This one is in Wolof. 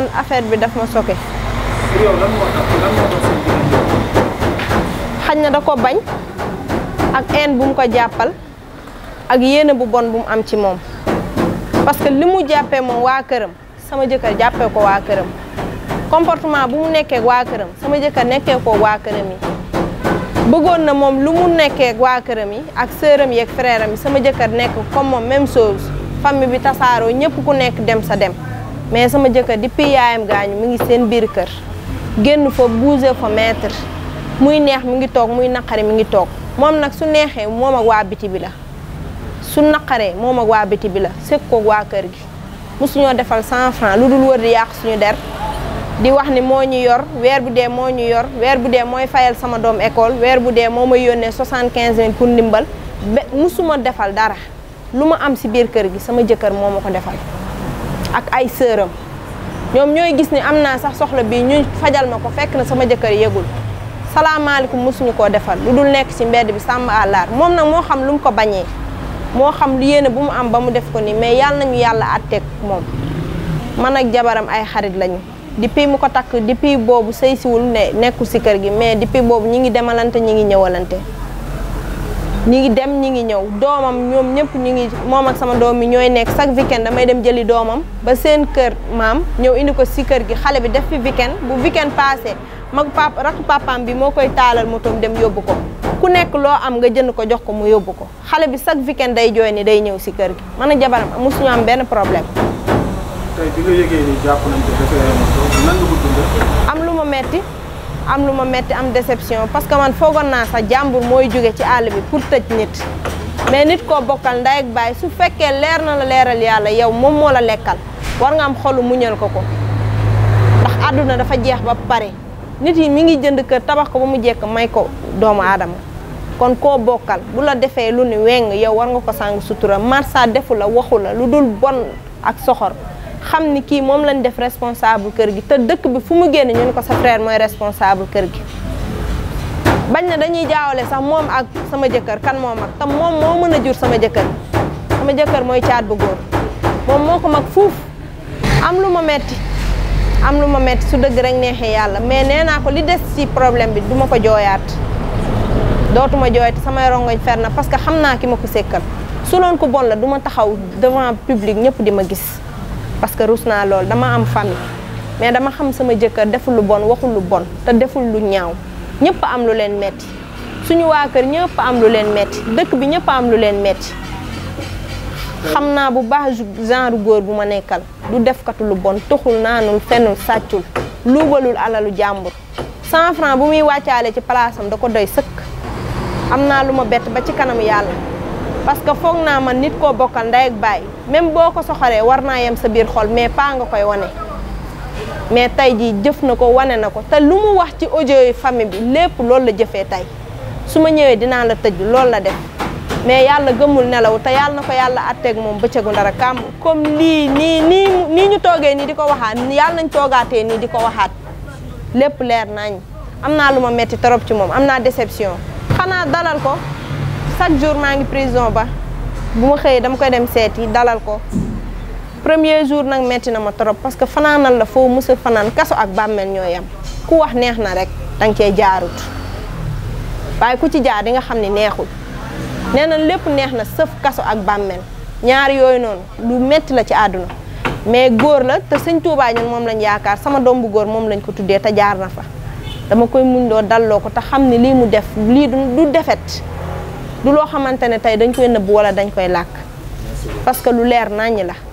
man affaire bi dafa ma soke xañ na da ko bañ ak haine bu mu ko jàppal ak yéene bu bon bu mu am ci moom parce que li mu jàppee moom waa këram sama jëkkër jàppee ko waa këram comportement bu mu nekkee waa këram sama jëkkër nekkee ko waa këram yi bëggoon na moom lu mu nekkee waa këram yi ak sëram yi ak frèram sama jëkkër nekk comme moom même chose famille bi tasaaroo ñëpp ku nekk dem sa dem mais sama jëkkër depuis yaayam gaañu mi ngi seen biir kër génn fa bouger fa muy neex mu ngi toog muy naqari mi ngi toog moom nag su neexee moom ak waa biti bi la su naqaree moom ak waa biti bi la sëg koog waa kër gi suñoo defal cent franc lu dul wër di yàq suñu der di wax ni moo ñu yor weer bu dee moo ñu yor weer bu dee mooy fayal sama doom école weer bu dee moo ma yónnee soixante quinze mille pour ndimbal ba musuma defal dara lu ma am si biir kër gi sama jëkkër moo ma ko defal ak ay sëram ñoom ñooy gis ni am naa sax soxla bii ñu fajal ma ko fekk na sama jëkkër yegul salaamaaleykum mosuñu ko defar lu dul nekk ci mbedd bi sàmm àllaar moom nag moo xam lu mu ko bañee moo xam lu yéene bu mu am ba mu def ko ni mais yàlla nañu yàlla àtteeg moom man ak jabaram ay xarit lañu depuis mu ko takk depuis boobu sëy siwul ne nekkul ci kër gi mais depuis boobu ñi ngi demalante ñi ngi ñëwalante ñi ngi dem ñi ngi ñew domam ñom ñepp ñi ngi mom ak sama domi ñoy nek chaque weekend damay dem jëli domam ba seen kër mam, ñew indi ko si kër gi xalé bi def fi weekend bu weekend passé mag pap rak papam bi mo koy taalal motom dem yobbu ko ku nek lo am nga jënd ko jox ko mu yobbu ko xalé bi chaque weekend day joy ni day ñew si kër gi man jabaram jabaram mosuñu am ben problème tay bi nga yégué ni japp nañ ko defé am lu ma metti am lu ma metti am déception parce que man foogoon naa sax jàmbur mooy jóge ci àll bi pour tëj nit mais nit koo bokkal ndey ak su fekkee leer na la leeral yàlla yow moom moo la lekkal war nga am xolu muñal ko ko ndax àdduna dafa jeex ba pare nit yi mi ngi jënd kër tabax ko ba mu jekk may ko doomu aadama kon koo bokkal bu la defee lu ni weng yow war nga ko sàng sutura marsa defu la waxu la lu dul bon ak soxor xam ni mom lañ def responsable kër gi te dëkk bi fu mu génn ñu ko sa frère moy responsable kër gi bañ na dañuy jaawale sax mom ak sama jëkkër kan mo mag tam mom mo mëna jur sama jëkkër sama jëkkër moy caat bu goor mom moko mag fuf am lu ma metti am lu ma metti su dëgg rek nexé yalla mais néna ko li dess ci problème bi duma ko joyaat dootuma joyaat sama rongoñ ferna na parce que xamna ki mako sékkal su loon ko bon la duma taxaw devant public ñëpp di ma gis parce que rus naa lool dama am famille mais dama xam sama jëkkër deful lu bon waxul lu bon te deful lu ñaaw ñëpp am lu leen metti suñu waa kër ñëpp am lu leen metti dëkk bi ñëpp am lu leen metti xam naa bu baax genre góor bu ma nekkal du defkatu lu bon tuxul naanul fenul sàccul luubalul alalu jàmbur cent franc bu muy wàccaale ci palaasam da ko doy sëkk am naa lu ma bett ba ci kanam yàlla parce que foog naa man nit koo bokkal ndey ak baay même boo ko soxoree war naa yem sa biir xol mais pas nga koy wane. mais tey jii jëf na ko wane na ko te lu mu wax ci audio famille bi lépp loolu la jëfee tey su ma ñëwee dinaa la tëj loolu la def mais yàlla gëmul nelaw te yàlla na ko yàlla atteeg moom bëccëgu ndara kàmm comme lii nii nii nii ñu toogee nii di ko waxaat yàlla nañ toogaatee nii di ko waxaat lépp leer nañ am naa lu ma metti trop ci moom am naa déception xanaa dalal ko chaque jour maa ngi prison ba bu ma xëyee dama koy dem seeti dalal ko premier jour nag metti na ma trop parce que fanaanal la foo mos a fanaan kaso ak bàmmeel ñoo yem ku wax neex na rek danga koy jaarut waaye ku ci jaar di nga xam ne neexul nee na lépp neex na sëf kaso ak bàmmeel ñaar yooyu noonu lu metti la ci àdduna mais góor la te sëñ Tuubaa moom lañ yaakaar sama doom góor moom lañ ko tuddee te jaar na fa dama koy muñ doo dalloo ko te xam ne lii mu def lii du defet du loo xamante ne tey dañ koy nëbb wala dañ koy làkk parce que lu leer naññ la